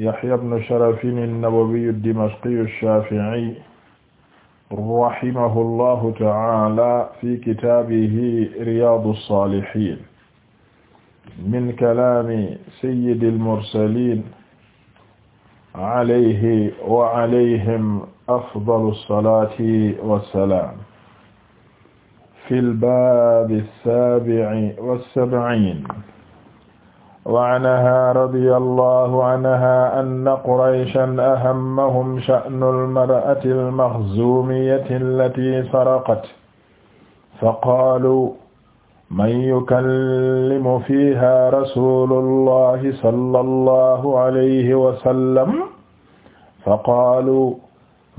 يحيى بن شرف النووي الدمشقي الشافعي رحمه الله تعالى في كتابه رياض الصالحين من كلام سيد المرسلين عليه وعليهم أفضل الصلاة والسلام في الباب السابع والسبعين وعنها رضي الله عنها أن قريشا أهمهم شأن المرأة المخزومية التي سرقت فقالوا من يكلم فيها رسول الله صلى الله عليه وسلم فقالوا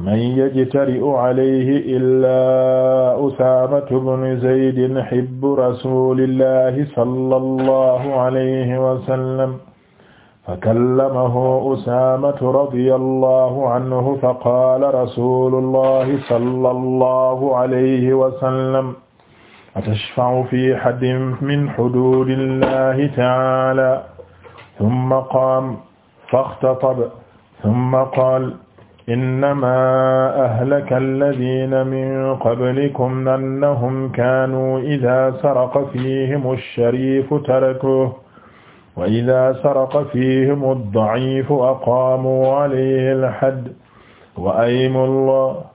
man yajtari'u alayhi illaa Usaamatu bnu Zaydin hibbu rasuulillahi sallallahu alayhi wa sallam fakallamahu Usaamatu radiyallahu anhu faqaala rasuulullahi sallallahu alayhi wa sallam atashfa'u fii ahadin min huduudillahi ta'aalaa thumma qaama faxtataba thumma qaala innamaa ahlaka alladhiina min qablikum annahum kaanuu idhaa saraqa fiihimu ash-shariifu tarakuuhu wa idhaa saraqa fiihimu ad-da'iifu aqaamuu 'alayhi al-hadd wa aymu llaah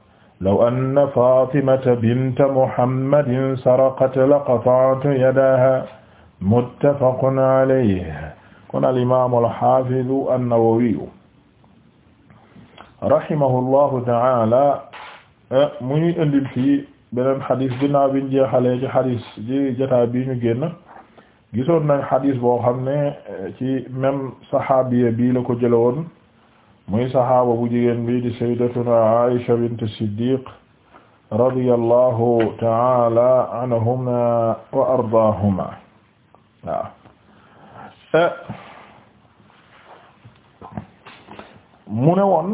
law anna faatimata binta muhammadin saraqat laqata'tu yadahaa muttafaqun 'alayhi qaala al-imaamu al-haafidu an-nawawiyu rahimahullahu ta'ala eh, mu ñuy indil fii beneen xadis ginnaaw biñ jeexalee ci xadis ji jotaay bii ñu génn gisoon nañ xadis boo xam ne eh, ci même saxaabiya bii la ko jële woon muy saxaaba bu jigéen bi di sayyidatuna Aisha bint Siddiq radiyallahu ta'ala anhuma wa ardaahuma eh, mu ne won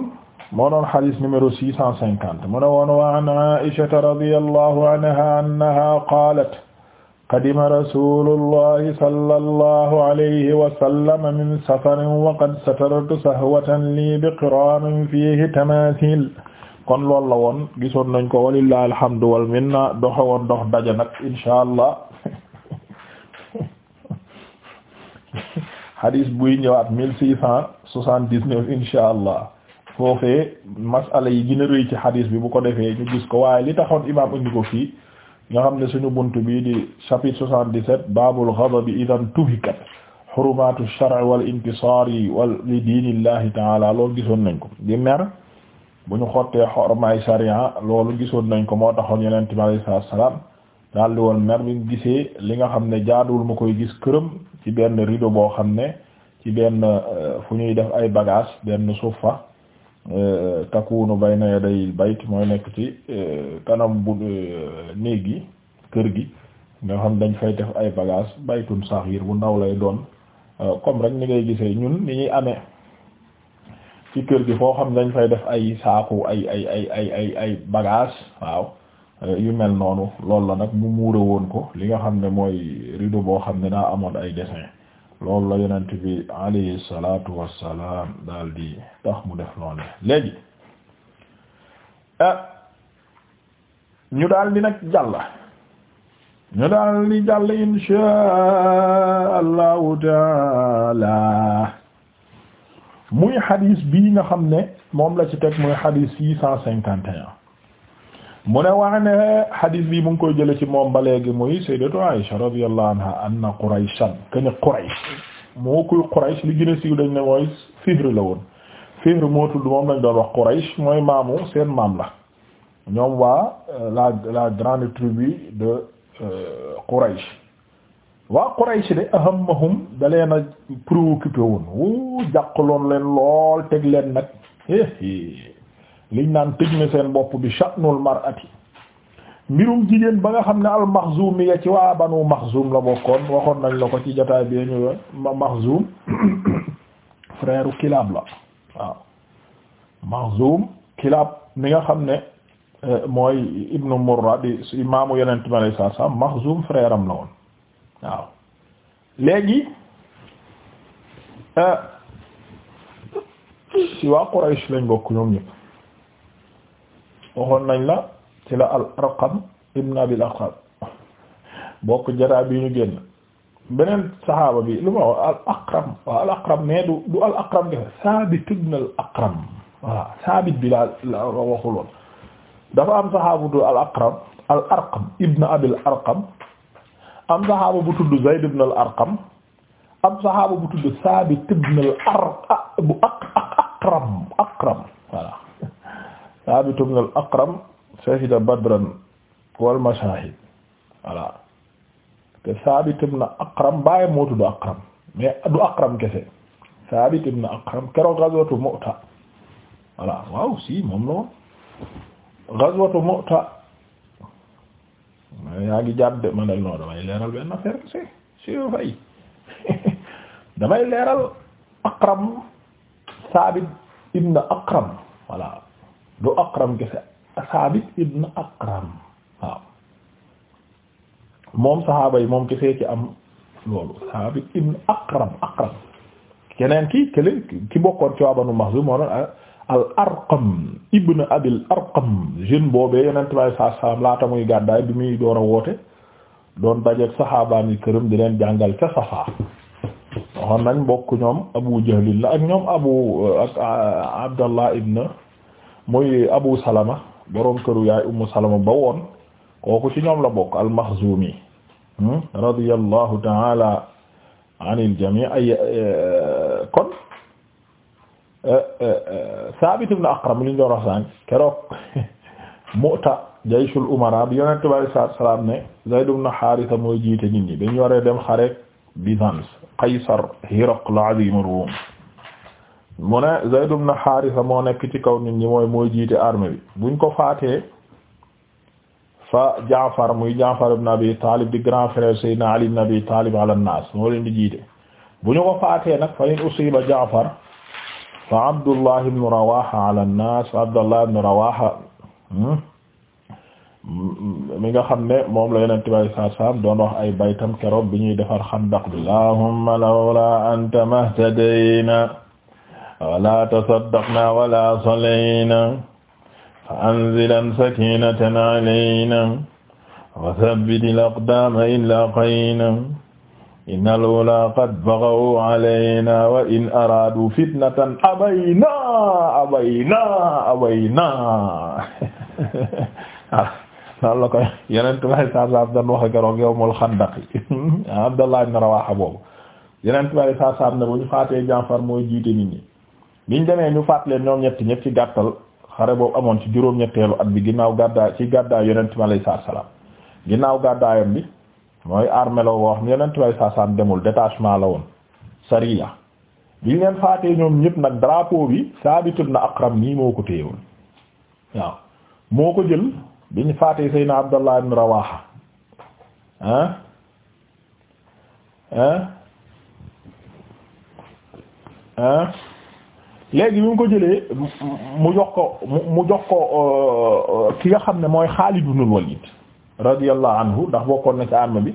moo doon xadis numéro six cent cinquante mu ne woon wa an aishata radiyallahu anha annaha qaalat qadima rasulullahi sallallahu alayhi wa sallam min safarin wa qad satartu sahwatan lii bi qiraamin fiihi tamaasil kon loolu la woon gisoon nañ ko walillahi alhamdu wal minna doxe woon dox daja nag inshaa Allah xadis buy ñëwaat mille six cent soixante-dix-neuf inshaa Allah foofee masala yi gën a rëy ci xadiis bi bu ko defee ñu gis ko waaye li taxoon imaam indi ko fii nga xam ne suñu bunt bii di chapitre soixante-dix-sept baabul ghadabi idan tuhikat xurumatu shar'i wal intisaari wal li diinillahi taala loolu gisoon nañ ko di mer bu ñu xottee xormaay sharia loolu gisoon nañ ko moo taxoon yeneen bi alayhi salaatu salaam daal di woon mer bi gisee li nga xam ne jaaduwul ma koy gis këram ci benn rideau boo xam ne ci benn euh, fu ñuy def ay bagage benn suufa Euh, takunu bayna day bayt mooy nekk ci euh, kanam bu euh, néeg yi kër gi nga xam dañ fay def ay bagage baytun saxiir bu ndaw lay doon comme rek ni ngay gisee ñun ni ñuy amee ci kër gi foo xam dañ fay def ay saaku ay ay ay ay ay ay bagage waaw yu mel noonu loolu la nag mu muure woon ko li nga xam ne mooy rido boo xam ne daa amoon ay dessin loolu la yonent bi alayhi salaatu wassalaam daal di tax mu def noonu léegi ah, ñu daal di nag jàll ñu daal di jàll inshaa allahu taala muy xadiis bii nga xam ne moom la ci teg muy xadiis six cent cinquante et mu ne wax ne hadis bi mu ngi koy jële ci moom ba léegi muy sayyidatu Aisha radiyallahu anha anna Qurayshan kene Quraysh moo kuy Quraysh li gën a siiw ne mooy Fihr la woon Fihr moo tudd moom lañ doon wax Quraysh mooy maamu seen maam la ñoom waa euh, la la grande tribu de euh, Quraysh waa Quraysh de ahammahum da leen a préoccupé woon wu jàqaloon leen lool teg leen nag liñ naan tëj seen bopp bi sha'nul mar'ati mbirum jigéen ba nga xam ne al maxzum ya ci waa banu maxzum la bokkoon waxoon nañ la ko ci jotaay bi ñu ma maxzum frère kilaab la waaw maxzum kilaab mi nga xam ne euh, mooy ibnu murra di imaamu yonent bi alayhi salaatu salaam maxzum am la woon waaw léegi euh, si waa Quraysh lañ bokk ñëpp waxoon nañ la ci la al arqam ibn abil arqam bokk jaraa bi ñu génn beneen saxaaba bi lu ma wax al aqram waaw al aqram mais du al aqram defe saabit bi laa la waxuloon dafa am saxaaba bu tudd al aqram al arqam am saxaaba bu tudd zayd ibn al arqam am bu tudd saabit ibn Saabit ibn al-Aqram shahida Badran wal mashahid voilà te Saabit ibn Aqram baayam moo tudd Aqram mais du Aqram kese Saabit ibn Aqram keroog ghazwatu Mu'ta voilà waaw si moom la woon ghazwatu Mu'ta yaa ngi jàpp de ma ne non damay leeral benn affaire si si yow fay damay leeral Aqram Saabit ibn Aqram voilà. du Aqram gese Saabit ibn Aqram waaw moom saxaaba yi moom kese ci am loolu Saabit ibn Aqram Aqram keneen ki kële ki bokkoon ci waa Banu Maxzum moo doon ah, al Arqam ibn Abil Arqam jeune boobee Yonent bi saa saam laata muy gàddaay bi muy door a woote doon dajeek saxaabaam yi këram di leen jàngal ca Safaa waxoon nañ bokk ñoom Abu Jahl la ak ñoom Abu ah, Abdallah ibn muy Abu Salama borom këru yaay Ummu Salama ba woon kooku ci ñoom la bokk al-Makhzumi hmm, radiyallahu ta'ala anil jami' ay eh, kon eh, eh, Saabit ibn Aqram li ñu doon wax sànq keroog Mu'ta jayshul umara bi yonent bi salaam ne Zayd ibn Haaritha mooy jiite nit ñi dañu waree dem xareek Byzance Qaysar Hiraql azim Rum mu ne Zayd ibn Haarisa moo nekk ci kaw nit ñi mooy mooy jiite armée bu ñu ko faatee fa Jaafar muy Jaafar ibn Abi Taalib di grand frère Seydina Ali ibn Abi Taalib leen di jiite bu ñu ko faatee nag fa in usiba Jaafar Abdullah ibn Rawaha ala naas hmm, mi nga xam ne moom lay yeneen tibay saa saam doon wax ay baytam keroog bi ñuy defar xandaq bi allahumma lawla anta mahtadayna wala tasaddaqna wala sallayna fa anzilan sakinatan alayna wa thabbitil aqdama in laqayna innal ulaa qad baghaw alayna wa in araadu fitnatan abayna abayna abayna ah, loolu la koy yeneen tubaab yi saa saa am daan wax ak keroog yawmul xandaq Abdallah ibn Rawaha boobu yeneen tubaab yi saa saa am ne bu ñu faatee Jaafar mooy jiite nit ñi. biñ demee ñu faat leen ñoom ñetti ñëpp ci gàttal xare boobu amoon ci juróom-ñetteelu at bi ginnaaw gàddaay ci gàddaay yonent mi alayhi salaam ginnaaw gàddaayam bi mooy armée la woo wax yonent mi alayhi salaam demul détachement la woon sariya biñ leen faatee ñoom ñëpp nag drapeau bi Saabit ibn Aqram nii moo ko téyewoon waaw moo ko jël biñ faatee Seydina Abdallah ibn Rawaha ah ah léegi bi mu ko jëlee mu jox ko mu jox ko euh, euh, ki nga xam ne mooy Xaalid ibn Walid radiyallahu anhu ndax bokkoon na ci arme bi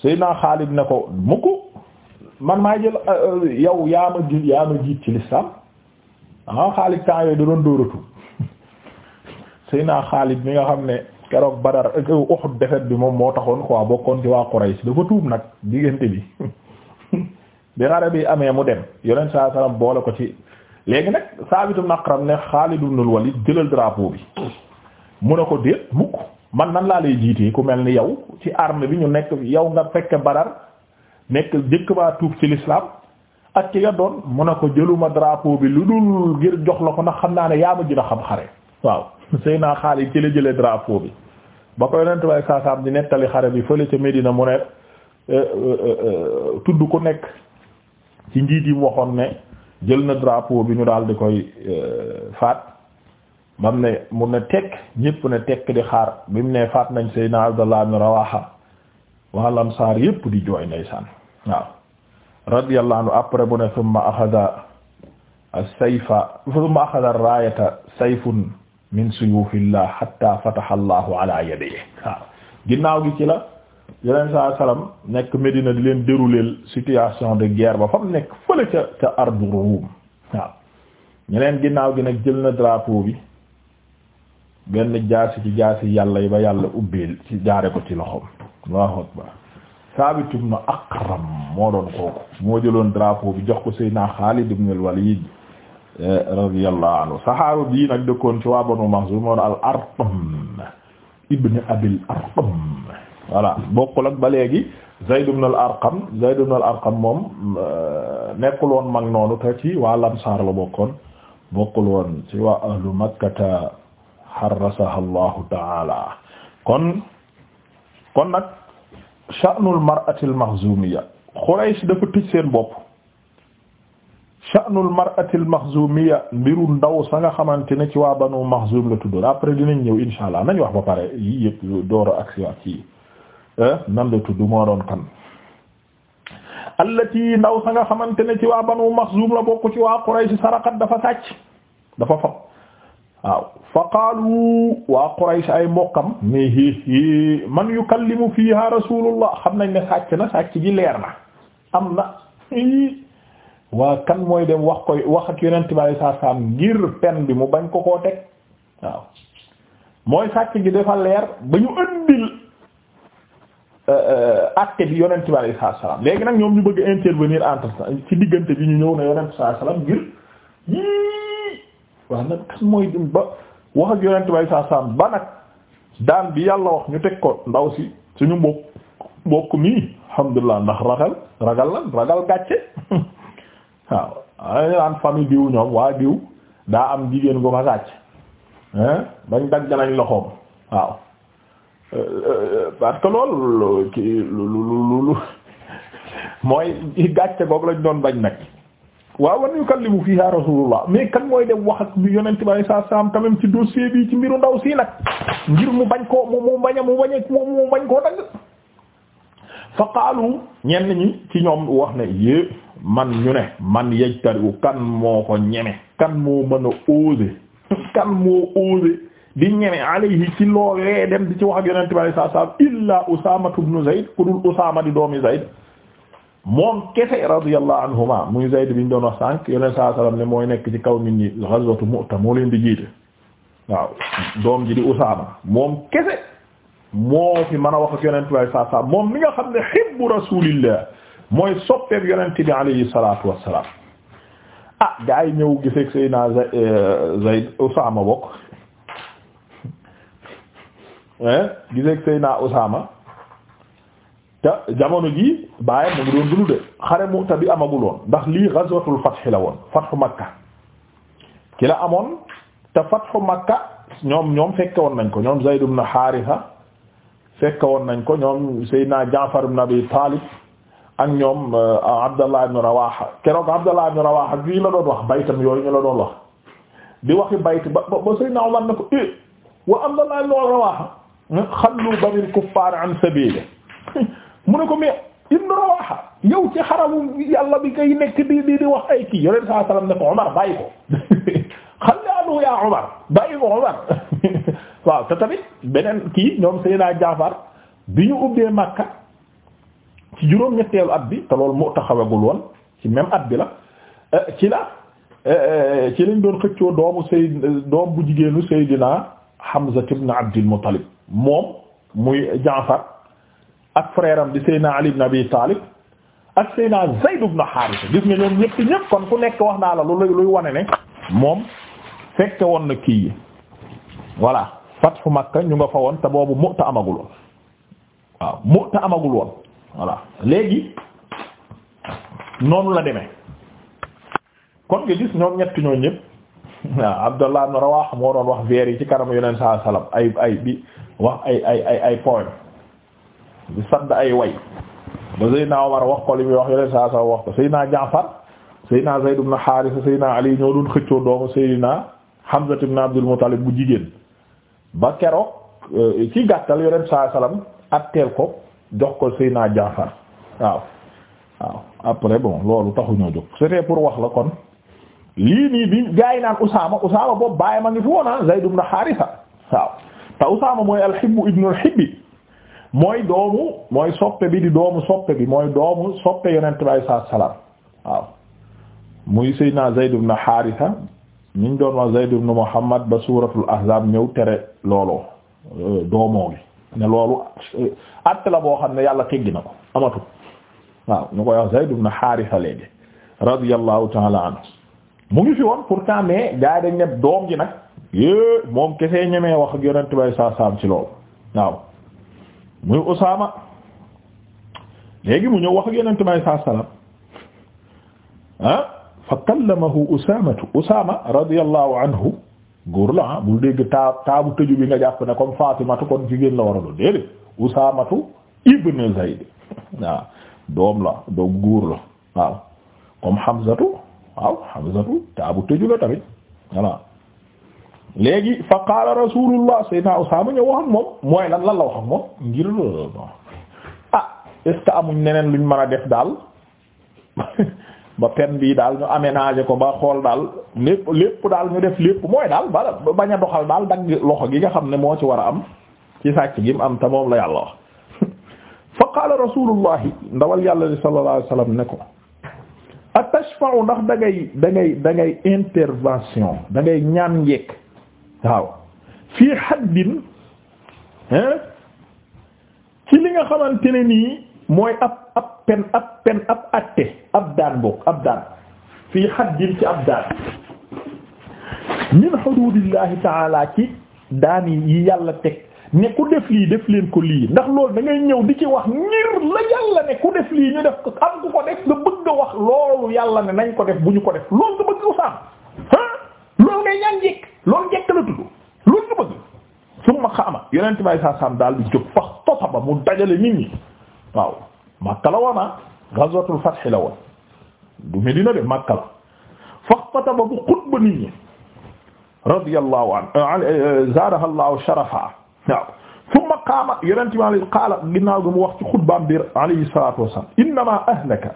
Seydina Xaalid ne ko mukk man maa jël euh, yow yaa ma ji yaa ma jiit ci lislaam ah Xaalid temps yooyu da doon dóoratu Seydina Xaalid mi nga xam ne keroog Badar ak Uhud defet bi moom moo taxoon quoi bokkoon ci waa Quraysh dafa tuub nag diggante bi bi xare bi amee mu dem yonent saa salaam boole ko ci léegi nag Saabit ibn Aqram ne Xaalid ibn al-Walid jëlal drapeau bi mu ne ko déet mukk man nan laa lay jiitee ku mel ni yow ci armée bi ñu nekk yow nga fekk Badar nekk jëkk baa tuub ci l'islam ak ki nga doon mu ne ko jëluma drapo bi lu dul ngir jox la ko ndax xam naa ne yaa ma dina xam xare waaw sëy naa Xaalid ci la jële drapo bi ba ko yonent bay saasaam di nettali xare bi fële ca Médina mu ne eh, eh, eh, tudd ku nekk ci njiit yi waxoon ne jël na drapeau bi ñu daal di koy euh, faat bam ne mu ne tekk ne tekk di xaar bi ne faat nañ Seydina Abdallah ibn Rawaha wal ansaar yépp di jooy ndeysaan waaw radiyallahu anhu après bu ne thumma akhadha as thumma akhadha ar-raayata min suyufillah hatta fataha Allahu ala yadayhi waaw ginnaaw gi ci yeneen saa nekk Medina di leen dérouler situation de guerre ba fa mu nekk fële ca ca ardu Ruum waaw ñeneen ginnaaw gi nag jël na drapeau bi benn jaasi ci jaasi yàlla yi ba yàlla ubbeel ci jaare ko ci loxoom Allahu akbar Saabit ibn Aqram moo doon kooku moo jëloon drapeau bi jox ko Seydina Xaalid ibn al-Walid eh, radiyallahu bii nag dëkkoon ci waa Banu Maxzum moo al Arqam ibn Abil Arqam voilà bokkul ak ba léegi Zayd ibn al-Arqam Zayd ibn al-Arqam moom euh, nekkul woon mag noonu te ci waa Ansaar la bokkoon bokkul woon ci waa ahlu makkata xarasaha allahu taala kon kon nag sha'nul mar'atil maxzumiya Quraysh dafa tëj seen bopp sha'nul mar'atil maxzumiya mbiru ndaw sa nga xamante ne ci waa banu maxzum la tuddoon après dinañ ñëw insha allah nañ wax ba pare yii yëpp door a agsi wax ci Eh? nan la tudd moo doon kan allati ndaw sa nga xamante ne ci waa banu maxzum la bokk ci waa quraysh sarakat dafa sàcc dafa fab waaw fa qaalu waa quraysh ay mbokkam mais hi man yukallimu fiha rasulullah xam nañ ne sàcc na sàcc gi leer na am na waa kan mooy dem wax koy wax ak yonent bi alei ngir pen bi mu bañ ko koo teg waaw mooy sàcc gi dafa leer ba ñu ëndil Euh, euh, acte bi yonent bi alayhi salaam léegi nag ñoom ñu bëgg intervenir entre ci diggante bi ñu ñëw ne yonent bi alayhi salaam ngir yii nag kan mooy ba wax yonent bi alayhi salaam ba nag daan bi yàlla wax ñu teg ko ndaw si suñu mbokk mbokk mi alhamdulilah ndax ragal ragal la ragal gàcce waaw waaye ñu naan famille diw ñoom waa diw daa am jigéen gu ma gàcce bañ dagg nañ loxoom waaw parce que loolu ki lu lu lu mooy gàcce boobu lañu doon bañ nag waaw wan yukallimu fiha rasulullah mais kan mooy dem wax ak bi yonent bi sallallahu alayhi wasallam quand même ci dossier bi ci mbiru ndaw si nag ngir mu bañ koo mu mu bañ a mu bañ a mu bañ koo dagg fa qaalu ñenn ñi ci ñoom wax ne yé man ñu ne man yajtariu kan moo ko ñeme kan moo mën a oser kan moo oser di ñeme alayhi ci loolee dem di ci wax ak yonent bi sallallahu alayhi wasallam illa Usaamatu ibnu Zayd ku dul Usaama di doomi Zayd moom kese radiyallahu anhuma muy Zayd bi ñu doon wax sànq yonent sallallahu alayhi ne mooy nekk ci kaw nit ñi ghazwatu Mu'ta moo leen di jiite waaw doom ji di Usaama moom kese moo fi mën a wax ak yonent bi sallallahu moom mi nga xam ne hibbu rasulillah mooy soppeeb yonent bi alayhi salaatu wassalaam ah gaa yi ñëw giseeg Seydina eh, Zayd gisee ak Seyna Usaama te jamono ji bàyyi mu ngi doon de xare Mu'ta bi amagul woon ndax lii ghazwatul fath la woon fathu Makka ki la amoon te fathu Makka ñoom ñoom fekke woon nañ ko ñoom Zayd ibn Haarisa fekke woon nañ ko ñoom Seyna Jaafar ibn Abi Taalib ak ñoom euh, Abdallah ibn Rawaha keroog Abdallah ibn Rawaha fii la doon wax baytam yooyu ñu la doon wax di waxi bayt ba ba Seyna Umar ne ko eh, xallu banil kuffaar an sabili mu ne ko mais Ibn Rawaha yow ci xaramu yàlla bi ngay nekk di di di wax ay kii yore saa salaam ne ko Omar bàyyi ko xalli anu yaa Omar bàyyi ko Omar waaw te tamit beneen kii ñoom Seydina Jaafar bi ñu ubbee Makka ci juróom-ñetteelu at bi te loolu moo taxawagul woon ci même at bi la eh, ci la eh, eh, ci lañ doon xëccoo doomu Seyd doom bu jigéenu Seydina. Hamza ibn Abdul Muttalib moom muy Jaafar ak frère di Seyna Ali ibn Abi Talib ak Seyna Zayd ibn Haarisa gis nga ñoom ñëpp ñëpp kon ku nekk wax naa la lu luy wane ne moom fekke woon na kii yi voilà fathu Makka ñu nga fa woon te boobu Mu'ta amagul woon waaw Mu'ta amagul woon voilà léegi noonu la demee kon nga gis ñoom ñett ñoo ñëpp. waaw Abdallah ibn Rawaha moo doon wax vers yi ci kanam yoneen saa salaam ay ay bi wax ay ay ay ay poème di sadd ay way ba Seydina Omar wax ko li muy wax yoneen saa salaam wax ko Seydina Jaafar Seydina Zayd ibn Haarisa Seydina Ali ñoo doon xëccoo doomu Seydina Abdul Muttalib bu jigéen ba keroog euh, ci gàttal yoneen saa salaam atteel ko jox ko Seydina Jaafar waaw après bon loolu taxuñoo jóg c'était pour wax la kon lii nii bi gaa yi naan Usaama Usaama boobu bàyyi ma ngi fi woon ah Zayd ibn Haarisa waaw te Usaama mooy al ibnu al mooy doomu mooy soppe bi doomu soppe bi mooy doomu soppe Yonent bi sallallahu alayhi wasallam waaw muy Seydina Zayd ibn Haarisa ñu doon wax Zayd ibn Muhammad ba suuratul Ahzaab ñëw tere looloo euh, doomoo gi ne loolu euh, att la boo xam ne yàlla teggi na ko amatu waaw ñu koy wax Zayd ibn Haarisa léegi radiyallahu ta'ala anhu mu ngi fi woon pour mais gars yi dañ doom ji nag yée moom kesee ñemee wax ak yonent bay saa saam ci loolu waaw muy Usaama léegi mu ñëw wax ak yonent bay saa saam ah fa kallamahu Usaamatu Usaama radiyallahu anhu góor la ah bul dégg taa taabu tëju bi nga jàpp ne comme Faatimatu kon jigéen la war a doon déedéet Usaamatu ibn Zayd waaw doom la doom góor la waaw comme Hamzatu waaw hamzatu taabu tëju la tamit voilà léegi fa qaala rasulullah sayyidina Usaama ñëw wax moom mooy lan lan la wax ak moom ngir ah est ce que amuñ neneen luñ mën a def daal ba pen bii daal ñu amee aménager ko ba xool daal lépp lépp daal ñu def lépp mooy daal ba bañ a doxal daal dagg loxo gi nga xam ne moo ci war a am ci sàcc gi mu am te moom la yàlla wax fa qaala rasulullah ndawal yàlla sallallahu alayhi wasallam ne ko a tashfa'u ndax dangay dangay da ngay da ngay intervention da ngay ñaan yekk waaw fii haddin hein ci li nga xamante ne nii mooy ab ab pen ab pen ab atte ab daan boog ab daan fii haddin ci ab daan min hududillahi ta'ala ci daan yi yàlla teg ne ku def lii leen ko lii ndax lool da ngay ñëw di ci wax ngir la yàlla ne ku def ñu def ko am ku ko def nga bëgg wax loolu yàlla ne nañ ko def bu ñu ko def loolu nga bëgg usaam ah loolu ngay ñaan njekk loolu njekk la tudd loolu nga bëgg su ma xaama yeneen saa saam daal di jóg fax tota mu dajale nit ñi waaw Makka la woona ah. ghazwatul fath la woon du Medina de Makka la fax tota bu xutba nit ñi radiyallahu anhu euh, zaadahallahu sharafa waaw summa qaama yonente bi alayhi qaala ginnaaw gi mu wax ci xutbaam bi alayhi salatu wasalaam innama ahlaka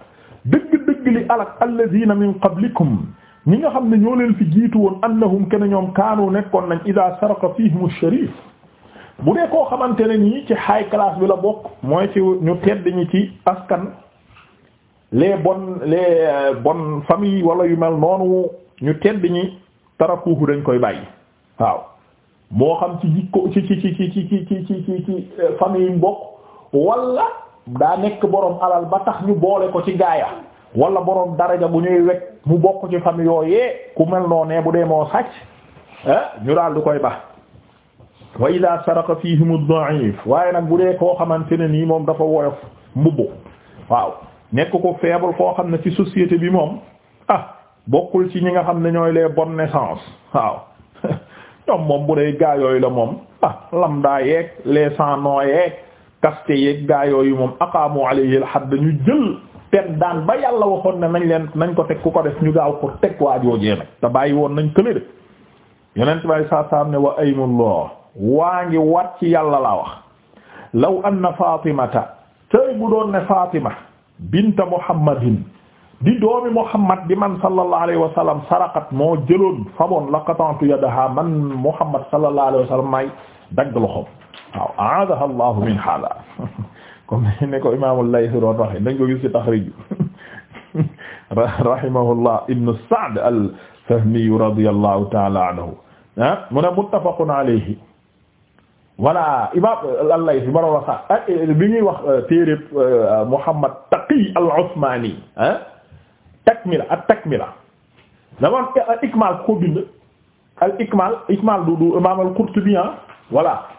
dëgg-dëgg li alak alladina min qablikum ñi nga xam ne ñoo leen fi jiitu woon annahum kana ñoom kaanu nekkoon nañ ida saraka fihim sharif bu dee koo xamante ne nii ci high class bi la bokk mooy ci ñu tedd ñi ci askan les bonnes les euh, bonnes familles wala yu mel noonu ñu tedd ñi tarakuhu dañ koy bàyyi waaw moo xam ci jikko ci ci ci ci ci euh, famille mbokk wala daa nekk boroom alal ba tax ñu boole ko ci gaa gaaya wala borom daraja bu ñuy wekk mu bokk ci famille yooyee ku mel noo ne bu dee moo sàcc ah, ñu daal du koy baax wa ida saraka fihim ad-da'if waaye nag bu dee koo xamante ne nii moom dafa woyof mbubbu waaw nekk ko faible koo xam ne ci société bi moom ah bokkul ci ñi nga xam ne ñooy les bon naissances waaw ñoom moom bu dee gaa yooyu la moom ah lamda yeeg les sanno yeeg kaste yeeg gaa yooyu moom aqaamu alayhi al-hadd ñu jël ten daan ba yàlla waxoon ne nañ leen nañ ko teg ku ko def ñu gaaw ko teg waajoojee nag te bàyyi woon nañ kële de yonent bay saa saam ne wa aymullah waa ngi wat ci yàlla laa wax law anna fatimata tey bu doon ne fatima binta muhammadin di doomi Muhammad di man sallallahu alayhi wa sallam saraqat moo jëloon faboon laqatantu yadaha man Muhammad sallallahu alayhi wa sallam may dagg loxoom waaw aadaha Allahu min hada comme ne ko imaamul Layth doon waxe dañ ko gis ci taxrij rahimahullah ibnu Sa'd al-Fahmi radiyallahu ta'ala anhu ah mu ne muttafaqun alayhi voilà imam al-Layth bi barola sax bi ñuy wax téeréb Muhammad Taqi al-Uthmani ah takmila ak takmila dama wax al ikmal ko bind al ikmal ikmal du du imam al Qurtubi ah. voilà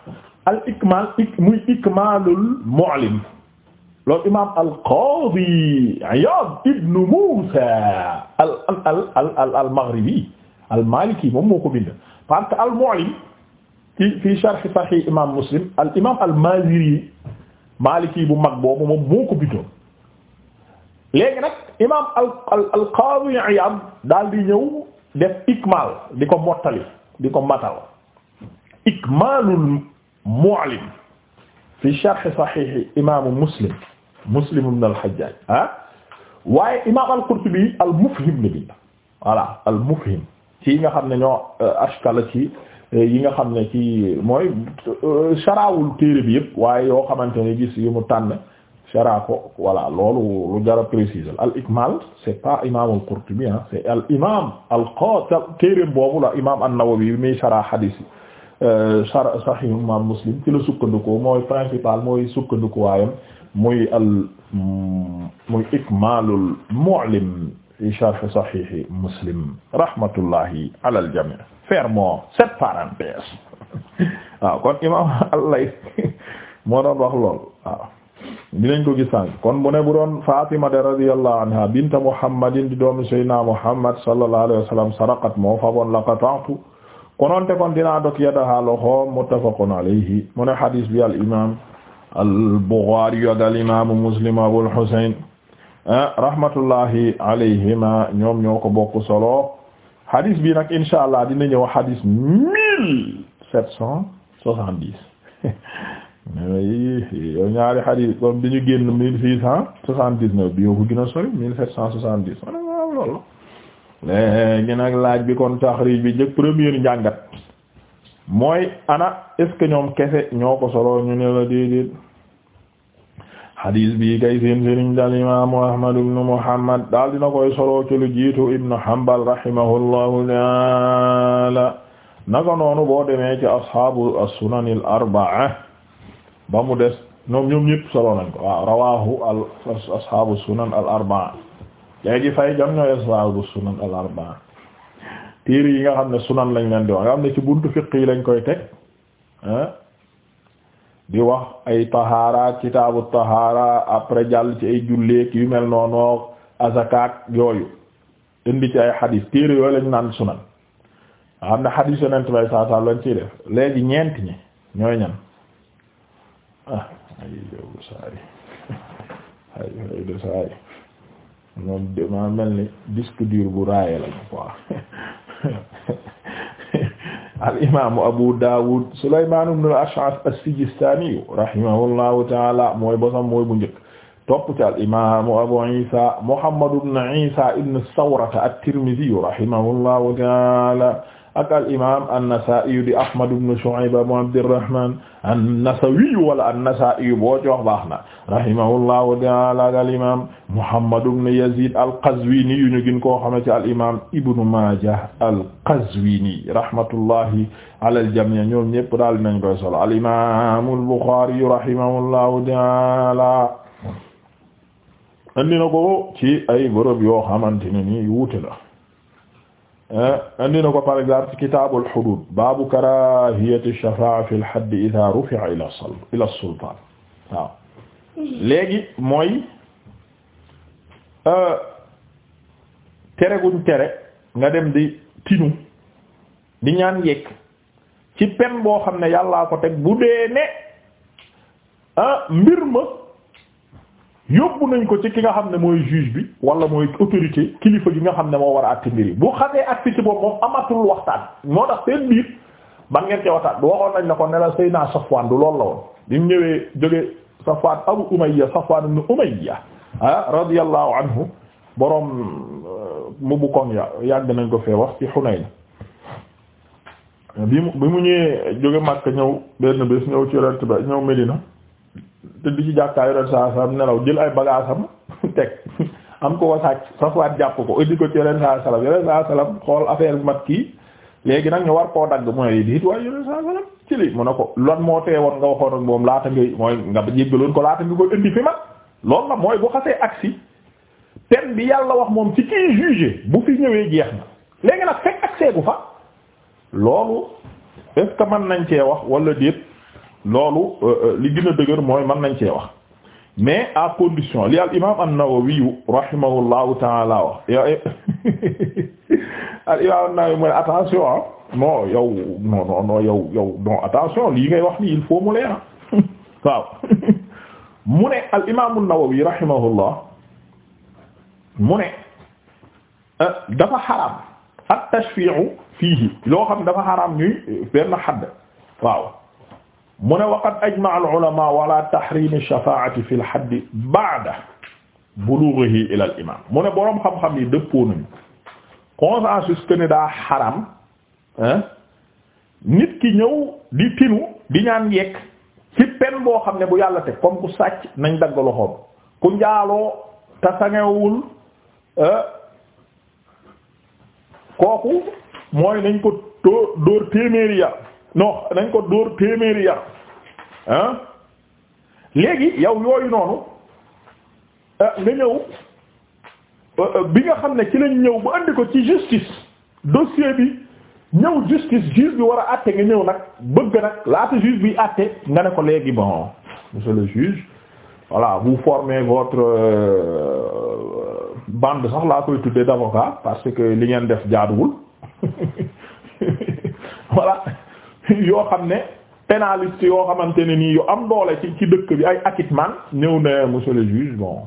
al ikmal ik muy ikmalul mu'allim loolu imam al Qadi Iyad ibn Musa al al al al al Maghribi al Maliki moom moo ko bind parce que al mu'allim fi fi sharh sahih imam Muslim al imam al Maziri Maliki bu mag boobu moom moo ko bindoon léegi nag imaam al al al qaadi Iyaad daal di ñëw def ikmaal di ko mottali di ko matal ikmaalul mu'allim fi sharh sahih muslim muslim ibn al Hajjaj ah waaye imaam al Qurtubi al mufhim la bind al mufhim ci nga xam ne ñoo euh, ashkala ci euh, yi nga xam ne ci mooy euh, sharaawul téere bi yëpp waaye yoo xamante ne gis yu mu tànn. sharaa ko voilà loolu lu jara préciser al ikmal c'est pas imam al Qurtubi ah c'est al imam al qatal téeréem boobu la imam an-Nawawi bi muy shara hadis yi euh, shara sahih imam Muslim ci la sukkandikoo mooy principal mooy sukkandiku waayam muy al mm, muy ikmalul mu'lim fi sharh sahih Muslim rahmatullahi ala al jami' fermons cette parenthèse waaw kon imam al-Layth moo doon wax loolu waaw dinañ ko gis sànq kon bu ne bu doon Fatima de radiyallahu anha bint Muhammadin di Muhammad saraqat moo fa bon laqata'tu konoonte kon dinaa dog yadaha loxoom muttafaqun alayhi mu ne hadis bi al imam al Bukhari ak al imam Muslim ah, rahmatullahi alayhima ñoom ñoo ko bokk solo hadis bi nag inshallah dina ñëw hadis yow ñaari xadis comme bi ñu génn mille six cent soixante-dix-neuf bi yow ko gën a sori mille cent soixante-dix ma ne waaw loolu léegi nag laaj bi kon taxriij bi njëkk première njàngat mooy ana est ñoom kese ñoo ko solo ñu ne la déedéet xadis bi kay seen sëriñ dal imaamu Ahmad ibnu Muhammad daal dina koy solo ci lu jiitu Ibnu Hanbal rahimahullahu taala naka noonu boo demee ci ashaabu as-sunan arbaa ba mu des ñoom ñoom ñëpp solo nañ ko waaw rawahu al ashabu sunan al arbaa léegi fay jam ñooy ashabu sunan al arbaa téere yi nga xam ne sunan lañ leen di wax nga xam ne ci buntu fiq yi lañ koy teg di wax ay tahaara kitaabu tahaara après jàll ci ay julleek yu mel noonu azakaat yooyu indi ci ay xadis téere yooyu lañ naan sunan nga xam ne xadis yonent bay saa saa lañ ciy def léegi ñeent ñi ñooy ñan ah ay yow saa yi ay yow de saa yi moom damaa mel ni disque dur bu raaye la quoi al imaamu Abu Dawud Sulaymaan ibn al-Ash'ath as-Sijistani rahimahullahu ta'ala mooy bosam mooy bu njëkk topp ci al imaamu Abu Isa Muhammad ibn Isa ibn Sawrata at-Tirmidhi rahimahullahu ta'ala ak al imaam an-Nasaa'i di Ahmad ibn Shu'ayb Abu Abdirrahmaan an-Nasawi wala an-Nasaa'i boo ci wax baax na rahimahullahu ta'aala ak al imaam Muhammad ibn Yaziid al-Qazwiini yu ñu gën koo xamante ne al imaam Ibnu Maajah al-Qazwiini rahmatullahi alal jamii' ñoom ñëpp daal nañ koy solo al imaam al-Bukhaari rahimahullahu ta'aala andi na ko ci ay bërëb yoo xamante ne nii wuute la. Eh, andi na ko par exemple ci kitaabul xuduud baabu karaahiyati shafaa'a fil haddi idaa rufi'a ila sal ila sultaan waaw léegi mooy eh, tere guñ tere nga dem di tinu di ñaan yekk ci pen boo xam ne yàllaa ko teg bu ne ah mbir ma yóbbu nañ ko ci ki nga xam ne mooy juge bi wala mooy autorité kilifa gi nga xam ne moo war a àtte mbir yi bu xamee àtte ci boobu moom amatul waxtaan moo tax seen biir ban ngeen ci waxtaan waxoon nañ la ko ne la Seyna Safwan du la woon bi mu ñëwee jógee Safwan Abu Umayya Safwan ibn Umayya ah anhu borom mu bu ya yàgg nañ ko fee wax ci Hunayn bi mu bi mu ñëwee jóge Makka ñëw benn bés ñëw ci rent ba ñëw Medina tëdd ci jàkkaay yonent saa salaam nelaw jël ay bagaasam teg am ko wasaaj safaat jàpp ko indi ko ci yonent saa salaam yonent saa salaam xool affaire bi mat kii léegi nag ñu war koo dagg mooy diit waaye yonent saa salaam ci lii mu ne ko lan moo teewoon nga waxoon moom laata ngay mooy nga jéggaloon ko laa nga ko indi fi mat loolu la mooy bu xasee agsi peine bi yàlla wax moom ci kii jugé bu fi ñëwee jeex na léegi nag fekk accès fa loolu est nañ cee wax wala déet loolu euh, euh, li gën a mooy man nañ cee wax mais à condition li al imam an-Nawawi rahimahullahu taala wax eh, al imam mooy attention ah non yow non non non yow ngay wax ni il mu leer waaw mu ne al imam an-Nawawi euh, dafa xaraam at-tashfi'u fiihi loo xam dafa xaraam ñuy benn xadd mu ne waqad ajmaa al-ulamaa wala tahriimi shafaa'ati fil haddi ba'da bulughihi ila al-imaam mu ne boroom xam-xam yi dëppoo nañu consensus que ne daa xaram nit ki ñëw di tinu di ñaan yekk ci pen boo xam ne bu yàlla te comme ku sàcc nañ dagg loxoom ku njaaloo te sangewul kooku mooy nañ ko dóor téeméeri yar no nañ ko dóor téeméeri yar ah léegi yow yooyu noonu euh, nga ñëw euh, euh, bi nga xam ne ci lañ ñëw ba andi ko ci justice dossier bi ñëw justice juge bi war a àtte nga ñëw nag bëgg nag laata juge bi àtte nga ne ko léegi bon monsieur le juge voilà vous formez votre bande sax laa koy tuddee d'avocat parce que li ngeen def jaaduwul voilà yoo xam ne pénaliste yoo xamante ne nii yu am doole ci ci dëkk bi ay acquittement ñëw ne monsieur le juge bon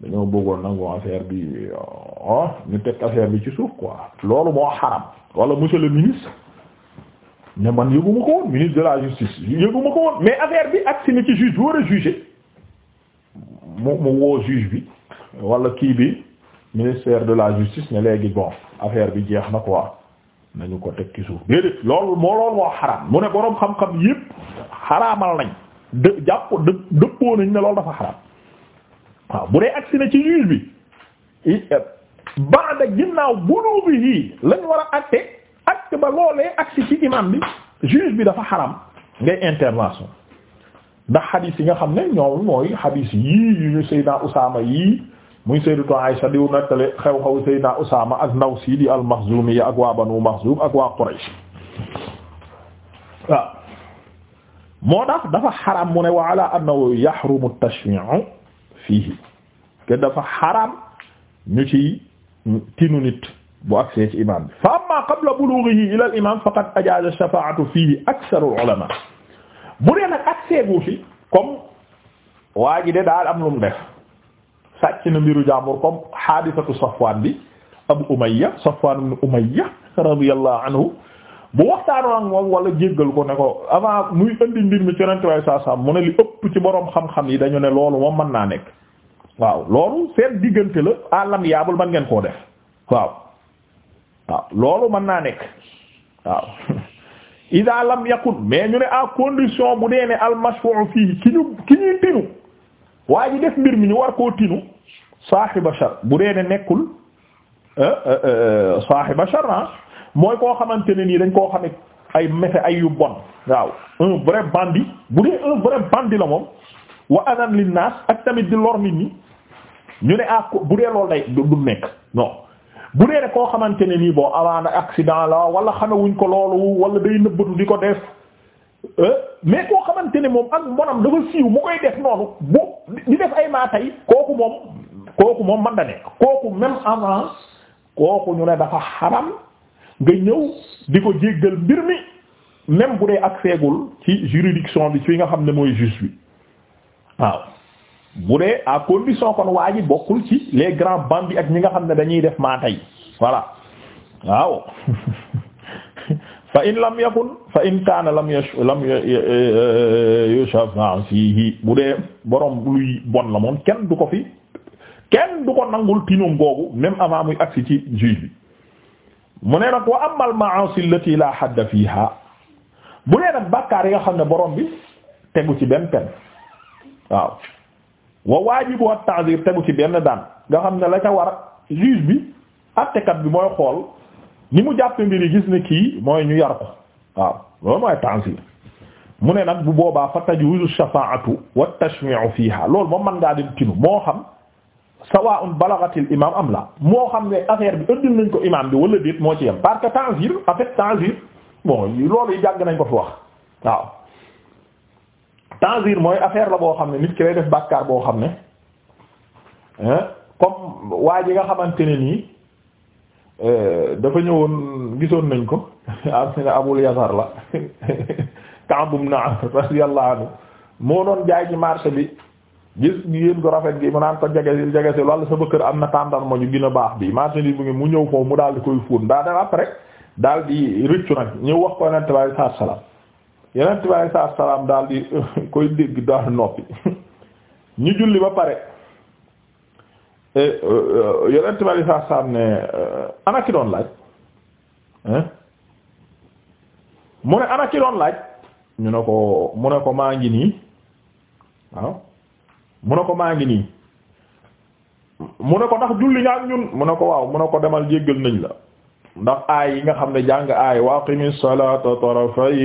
dañoo bëggoon nag bon affaire bi oh, ñu teg affaire bi ci suuf quoi loolu moo xaram wala monsieur le ministre ne man yëguma ko woon ministre de la justice yëguma ko woon mais affaire bi ak si ni ci juge war a juger mu mu woo juge bi wala kii bi ministère de la justice ne léegi bon affaire bi jeex na quoi nañu ko teg ci suuf déedéet loolu moo loolu moo xaraam mu ne boroom xam-xam yépp xaraamal nañ dë jàpp dë dëppoo nañ ne lool dafa xaraam waaw bu dee agsi na ci juge bi eh, baada ginnaaw buluubihi lañ war a acte acte ba loolee agsi ci imam bi juge bi dafa xaram ngay intervention ndax xadiis yi nga xam ne ñoom mooy xadiis yii yu ñu Seydina Usaama yii muy Sayyidatu Aisha diw nettali xew-xew Sayyidina Usaama ak Nawsi di al-Maxzumiya ak waa Banu Maxzum ak waa Quraysh waaw moo tax dafa xaram mu ne wa ala annahu yahrumu at-tashfi'u fiihi tinu nit bu agsee ci imaam bi fa amma al-imaam faqad ajaaza ash-shafaa'atu al-ulamaa bu dee nag agsee gu am lu mu sàcc na mbiru jaambur comme xaadisatu Safwaan bi Abu Umayya Safwaan ibn Umayya radiyallahu anhu bu waxtaanoo ak moom wala jéggal ko ne ko avant muy indi mbir mi ci rentiwaay saa saa mu ne li ëpp ci boroom xam-xam yi dañu ne loolu moom mën naa nekk waaw loolu seen diggante la àlam yaabul man ngeen koo def waaw waaw loolu mën naa nekk waaw ida lam yakun ñu ne à condition bu dee ne al mashfu' fii ki ñu ki ñuy tinu waa ji def mbir mi ñu war koo tinu saaxiba shar bu dee ne nekkul euh, euh, euh, saaxiba shar ah mooy koo xamante ne nii dañ koo xame ay méfe ay yu bon waaw un vrai bandit bu dee un vrai bandit la moom wa anan lin ak tamit di lor nit ñu ne ah bu dee loolu day du nekk non bu dee ne koo xamante ne nii bon amaana accident la wala xamewuñ ko loolu wala day nëbbatu di ko def mais koo xamante ne moom ak mbonam dafa siiw mu koy def noonu bu di def ay maa tey kooku moom kooku moom man da ne kooku même avant kooku ñu ne dafa xaram nga ñëw di ko jéggal mbir mi même bu dee ak feegul ci juridiction bi fi nga xam ne mooy juge bi waaw bu dee à condition kon waa bokkul ci les grands bi ak ñi nga xam ne dañuy def maa tey voilà waaw fa in lam yakun fa in kaana lam lam yushafa fihi bu dee borom luy bon la moom kenn du ko fi kenn du ko nangul tinum googu même avant muy agsi ci juge bi mu ne nag wa amal ma'asi allati laa hadda fiha bu nee nag bàkkaar nga xam ne borom bi tegu ci benn pen waaw wa waajibu at-ta'zir tegu ci benn daan nga xam ne la ca war juge bi attekat bi mooy xool ni mu jàpp mbiri gis ne kii mooy ñu yar ko waaw loolu mooy ta'zir mu ne nag bu boobaa fa tajuzu shafa'atu wa tashmi'u fiha loolu moom mën ngaa dem tinu moo xam sawaa'un balagatil imaam am la moo xam ne affaire bi ëndil nañ ko imaam bi wala déet moo ci yem parce que ta'zir en fait ta'zir bon loolu yi jàgg nañ ko fi wax waaw ta'zir mooy affaire la boo xam ne nit ki lay def bàkkaar boo xam ne comme waa ji nga xamante ne nii euh, dafa ñëwoon gisoon nañ ko am ne Abul Yasar la Ka'b ibn Amr radiyallahu anhu moo doon jaay ci marché bi gis yéen ko rafet gi mu naan ko jege si jege si loolu sa bëkkër am na tàndal ñu gën a baax bi marchandise bu mu ñëw foofu mu daal koy fóon daa def après daal di rëccu nag ñu wax ko yonent bi sallallahu alayhi wasallam yonent bi sallallahu alayhi wasallam daal di koy dégg daal noppi ñu julli ba pare eh, eh, eh, yonent bi sallallahu alayhi wasallam ne ana doon laaj mu ne ana doon laaj ñu ne ko mu ne ko maa ngi nii waaw mu ne ko maa ngi nii mu ne ko ndax julli nga ak ñun mu ne ko waaw mu ne ko demal jéggal nañ la ndax aay yi nga xam ne jàng aay wa aqimi salata tarafay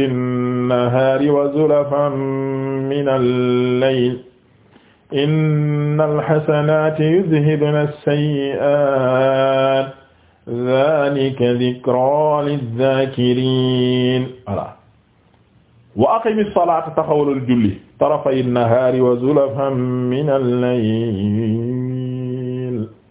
nahari wa zulafan min al-layl inna al-hasanati yuzhibna as-sayyi'at dhalika dhikra lidh-dhakirin voilà wa aqimi salata taxawalal julli tarafay nahaari wa zulafan min al-layl